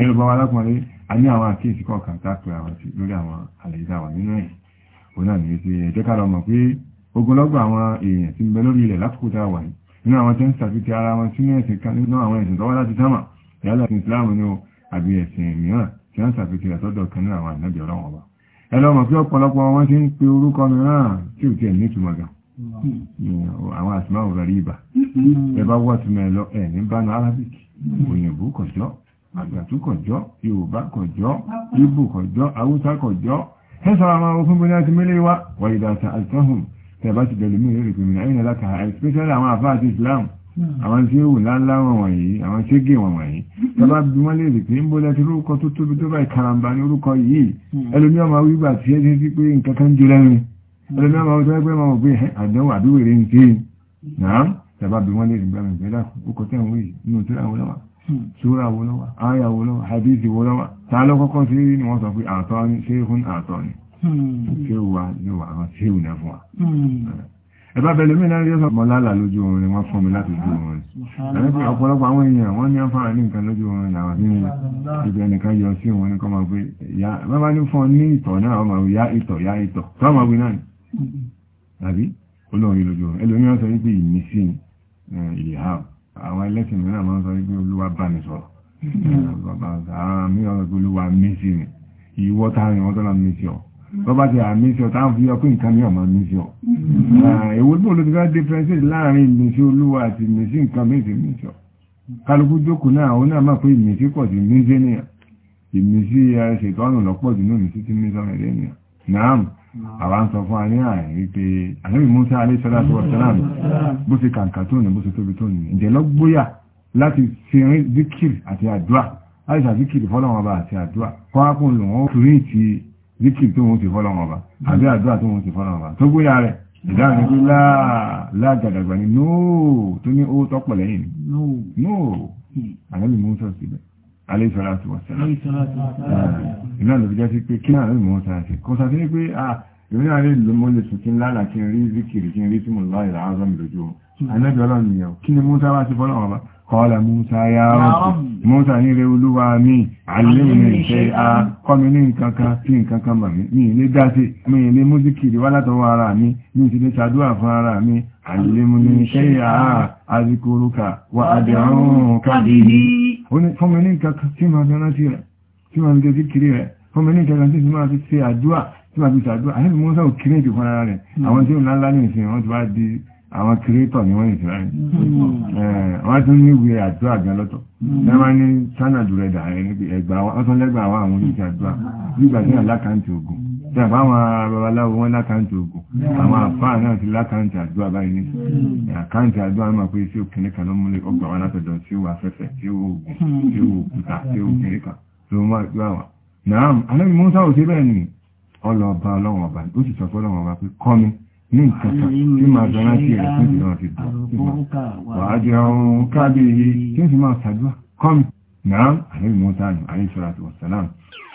ẹ̀rọ bá wa lápọ̀lẹ́ a ní àwọn àkíyèsí kọ̀ọ̀kan tápẹ́ àwọn sí lórí àwọn àlèdáwà nínú ẹ̀ òun náà ní pé ẹ̀jẹ́ ká lọ mọ̀ pé ogunlọ́gbọ̀ àwọn èèyàn ti ń bẹ lórí ilẹ̀ lákòókò tá a wà yìí nínú àwọn tó ń sàfihàn ara wọn sínú ẹ̀sìn kan nínú àwọn ẹ̀sìn tọ́wọ́ láti sámà yálà ẹ̀sìn Islam ni o àbí ẹ̀sìn mìíràn tí wọ́n sàfihàn àtọ́dọ̀ kan nínú àwọn ànábì ọlọ́wọ́n ọba ẹ lọ mọ̀ pé ọ̀pọ̀lọpọ̀ wọn ti ń pe orúkọ mìíràn tí ò tiẹ̀ ní ìtumọ̀ gan àwọn àtìmáwò rẹ̀ rí ibà ẹ bá wọ́ọ̀tì mẹ́lọ ẹ̀ ní bánu Arabic òyìnbó kọjọ́ àgbàtú kọjọ́ yorùbá kọjọ́ ibù kọjọ́ haúsá kọjọ́ ẹ̀sọ́ àwọn òfin bóyá ti mélé wá wàyí dàtà àìsàn tẹ̀bá ti bẹ̀rẹ̀ mí lórí pèmìnà ẹ̀yìn aláta especially àwọn àfáà ti Islam hmm. àwọn tí ó wù láńlá wọn wọ̀nyí àwọn tí ó gé wọn wọ̀nyí tọ́bá bí wọ́n lè rí pé ń bó lẹ́tí orúkọ tó tóbi tó bá ìkaramba ní orúkọ yìí hmm. ẹlòmí ọmọ wígbà tí ẹ ti pé nǹkan kan jẹ lẹ́nu ẹlòmí ṣúra hmm. wo ló wà áyà wo ló wà hadithi wo ló wà ta ló kọ́kọ́ sí ní wọ́n sọ pé àtọ́ ni ṣéhùn àtọ́ ni hmm. ṣéhù wa ló wà àwọn ṣéhù náà fún wa ẹ̀bá bẹ̀lẹ̀ mí náà yọ́sọ̀ mọ́ lálà lójú oorun ni wọ́n fún mi láti ojú oorun ẹ̀rẹ́bí ọ̀pọ̀lọpọ̀ àwọn èèyàn wọ́n ní àǹfààní ní nǹkan lójú oorun làwọn ní ibi ẹnìkan yọ sí òun ní kọ́mọ pé ya bábá ní fún ọ ní ìtọ̀ náà ọmọ ya ìtọ̀ ya ìtọ̀ àwọn ẹlẹ́sìn mìíràn máa ń sọ wípé olúwa bá mi sọ̀rọ̀ hmm. àwọn mi ọ̀rọ̀ pé olúwa mí sí mi ìwọ táàrin wọn tọ́lá mí sí ọ lọ́bá ti àmì sí ọ táà fi ọkùn nǹkan ní ọmọ mí sí ọ hmm. èwo tó ló ti ká difference láàrin mi sí olúwa àti mi sí nǹkan mí sí mi sí ọ kálukú jókòó náà òun náà máa pé ìmísí pọ̀ sí mí sí nìyà ìmísí eh, ṣètọ́nù lọ́pọ̀ jù náà mi sí ti mí sọ́mẹ̀lẹ́ nìyà náàm àwọn ń sọ fún àní àìn wípé ànábì Musa alayhi salatu wa salam bó ṣe kàǹkà tó ní bó ṣe tóbi tó ní ǹjẹ́ lọ gbóyà láti fi rin zikiri àti àdúrà láti ṣàzikiri fọ́lọ́wọ́n ọba àti àdúrà kọ́wákùn lò wọ́n fi rin ti zikiri tó wọ́n ti fọ́lọ́wọ́n ọba àbí àdúrà tó wọ́n ti fọ́lọ́wọ́n ọba tó gbóyà rẹ̀ ìdáhùn ní pé láàgàdàgbà ni nóò tó ní ó tọ́pọ̀ lẹ́yìn ni nóò hmm. ànábì Musa síbẹ̀ alayhi salatu wassalam ah, iná ló fi jẹ́ sí pé kí náà lórí mọ́ sáàtì kò sàtí ní pé à ìrìn àrí ìlú mo lè sùn kí n lálà kí n rí zikiri kí n rí símù lọ ìlà azọ́ mi lójú anábì hmm. ọlọ́run nìyẹn kí ni Musa wá sí fọ́lọ́ ọba kọ́ọ̀lá Musa ya rabbi Musa ní rẹ olúwa mi alẹ́wìn ṣe a kọ́ ní nǹkan kan kí nǹkan kan ilé dá mi ilé mú wá látọwọ́ ara mi mi ti lè ṣàdúrà fún ara mi alẹ́wìn ṣe a azikuruka wa ad'uka bihi fún mi ní nǹkan tí máa fi rántí rẹ̀ tí máa fi jẹ́ síkiri rẹ̀ fún mi ní nǹkan kan tí máa fi ṣe àdúrà tí máa fi ṣe àdúrà àyẹ̀bí mọ́sá ò kéré jù fúnra rẹ̀ hmm. àwọn tí ó ńlá ńlá ní ìsìn wọn ti wá di àwọn kírétọ̀ ni wọ́n ìsìn rẹ̀ hmm. eh, wọ́n tún ní ìwé àdúrà gan lọ́tọ̀ lẹ́wọ́n hmm. ní sánàdù rẹ̀ dà ẹgbàá wọ́n tún lẹ́gbàá àwọn àwọn oníṣẹ́ àdúrà nígbà tí àlákàntì ogun tí a bá wọn babaláwo wọn lákàntì ogun àwọn àfáà náà ti lákàntì àdúrà báyìí ní àkántì àdúrà máa pé sí òkè nìkan ló múlé ọgbà wọn látọ̀dọ̀ tí ó wà fẹ́fẹ́ tí ó ogun tí ó òkúta tí ó òkè nìkan ló máa gbà wọn. náà alẹ́ mú sáwọ́ sí bẹ́ẹ̀ ni ọlọ́ọ̀bá ọlọ́wọ̀n ọba ó sì sọ pé ọlọ́wọ̀n ọba pé kọ́ mi ní nǹkan kan tí máa dán láti rẹ̀ fún ìdílé wọn ti dùn wàá jẹ ohun kábíyì tí ó sì máa ṣàdúrà kọ́ mi náà alẹ́ mú sáwọ́